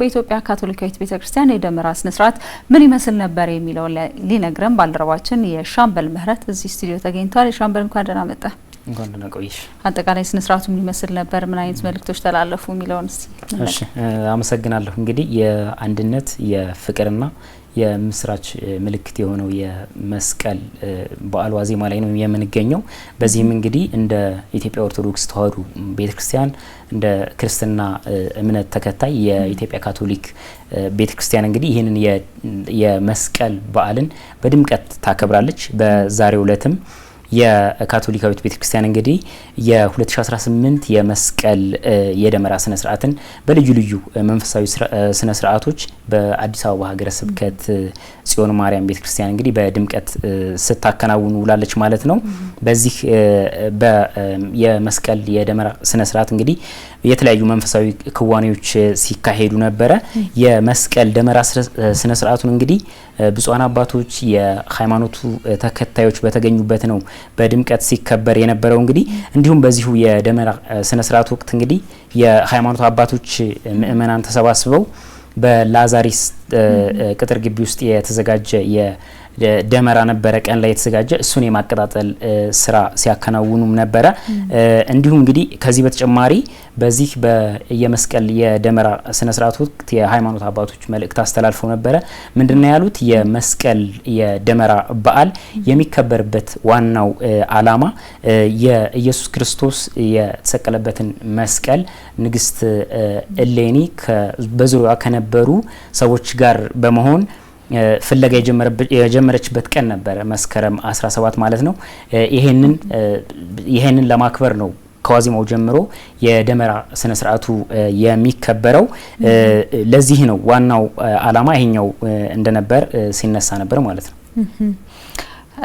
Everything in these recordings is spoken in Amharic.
በኢትዮጵያ ካቶሊካዊት ቤተ ክርስቲያን የደመራ ስነስርዓት ምን ይመስል ነበር የሚለውን ሊነግረን ባልደረባችን የሻምበል ምህረት እዚህ ስቱዲዮ ተገኝቷል። የሻምበል እንኳን ደህና መጣ። እንኳን ደህና ቆይሽ። አጠቃላይ ስነ ምን ይመስል ነበር፣ ምን አይነት መልእክቶች ተላለፉ የሚለውን እስቲ። እሺ፣ አመሰግናለሁ። እንግዲህ የአንድነት የፍቅርና የምስራች ምልክት የሆነው የመስቀል በዓል ዋዜማ ላይ ነው የምንገኘው። በዚህም እንግዲህ እንደ ኢትዮጵያ ኦርቶዶክስ ተዋሕዶ ቤተክርስቲያን እንደ ክርስትና እምነት ተከታይ የኢትዮጵያ ካቶሊክ ቤተክርስቲያን እንግዲህ ይህንን የመስቀል በዓልን በድምቀት ታከብራለች። በዛሬው ውለትም። የካቶሊካዊት ቤተክርስቲያን እንግዲህ የ2018 የመስቀል የደመራ ስነ ስርዓትን በልዩ ልዩ መንፈሳዊ ስነ ስርዓቶች በአዲስ አበባ ሀገረ ስብከት ጽዮን ማርያም ቤተክርስቲያን እንግዲህ በድምቀት ስታከናውን ውላለች ማለት ነው። በዚህ የመስቀል የደመራ ስነ ስርዓት እንግዲህ የተለያዩ መንፈሳዊ ክዋኔዎች ሲካሄዱ ነበረ። የመስቀል ደመራ ስነ ስርዓቱን እንግዲህ ብፁዓን አባቶች የሃይማኖቱ ተከታዮች በተገኙበት ነው በድምቀት ሲከበር የነበረው እንግዲህ እንዲሁም በዚሁ የደመራ ስነ ስርዓት ወቅት እንግዲህ የሃይማኖት አባቶች ምእመናን ተሰባስበው በላዛሪስ ቅጥር ግቢ ውስጥ የተዘጋጀ ደመራ ነበረ። ቀን ላይ የተዘጋጀ እሱን የማቀጣጠል ስራ ሲያከናውኑም ነበረ። እንዲሁም እንግዲህ ከዚህ በተጨማሪ በዚህ የመስቀል የደመራ ስነ ስርዓት ወቅት የሃይማኖት አባቶች መልእክት አስተላልፈው ነበረ። ነው ያሉት? የመስቀል የደመራ በዓል የሚከበርበት ዋናው አላማ የኢየሱስ ክርስቶስ የተሰቀለበትን መስቀል ንግስት እሌኒ በዙሪያዋ ከነበሩ ሰዎች ጋር በመሆን ፍለጋ የጀመረችበት ቀን ነበረ፣ መስከረም 17 ማለት ነው። ይሄንን ይሄንን ለማክበር ነው ከዋዜማው ጀምሮ የደመራ ስነ ስርዓቱ የሚከበረው። ለዚህ ነው ዋናው አላማ ይሄኛው እንደነበር ሲነሳ ነበር ማለት ነው።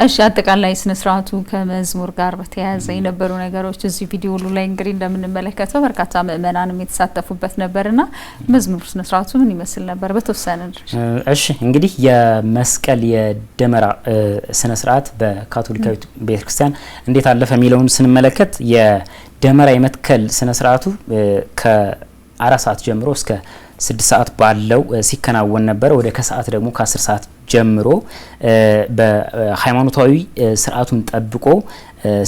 እሺ አጠቃላይ ስነ ስርዓቱ ከመዝሙር ጋር በተያያዘ የነበሩ ነገሮች እዚህ ቪዲዮ ሁሉ ላይ እንግዲህ እንደምንመለከተው በርካታ ምእመናንም የተሳተፉበት ነበርና መዝሙር ስነ ስርዓቱ ምን ይመስል ነበር? በተወሰነ እሺ እንግዲህ የመስቀል የደመራ ስነ ስርዓት በካቶሊካዊት ቤተክርስቲያን እንዴት አለፈ የሚለውን ስንመለከት የደመራ የመትከል ስነ ስርዓቱ ከአራት ሰዓት ጀምሮ እስከ ስድስት ሰዓት ባለው ሲከናወን ነበረ። ወደ ከሰዓት ደግሞ ከአስር ሰዓት ጀምሮ በሃይማኖታዊ ስርዓቱን ጠብቆ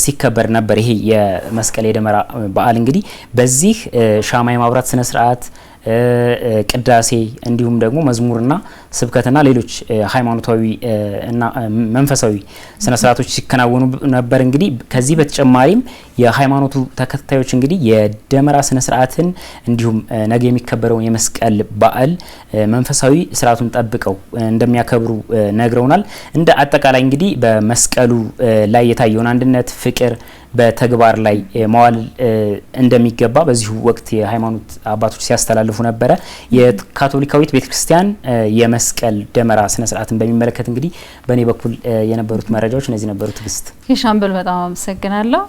ሲከበር ነበር። ይሄ የመስቀል የደመራ በዓል እንግዲህ በዚህ ሻማ የማብራት ስነ ስርዓት ቅዳሴ እንዲሁም ደግሞ መዝሙርና ስብከትና ሌሎች ሃይማኖታዊ እና መንፈሳዊ ስነ ስርዓቶች ሲከናወኑ ነበር። እንግዲህ ከዚህ በተጨማሪም የሃይማኖቱ ተከታዮች እንግዲህ የደመራ ስነ ስርዓትን እንዲሁም ነገ የሚከበረውን የመስቀል በዓል መንፈሳዊ ስርዓቱን ጠብቀው እንደሚያከብሩ ነግረውናል። እንደ አጠቃላይ እንግዲህ በመስቀሉ ላይ የታየውን አንድነት፣ ፍቅር በተግባር ላይ መዋል እንደሚገባ በዚሁ ወቅት የሃይማኖት አባቶች ሲያስተላልፉ ነበረ። የካቶሊካዊት ቤተክርስቲያን የመስቀል ደመራ ስነስርዓትን በሚመለከት እንግዲህ በእኔ በኩል የነበሩት መረጃዎች እነዚህ ነበሩ። ትግስት ሻምበል በጣም አመሰግናለሁ።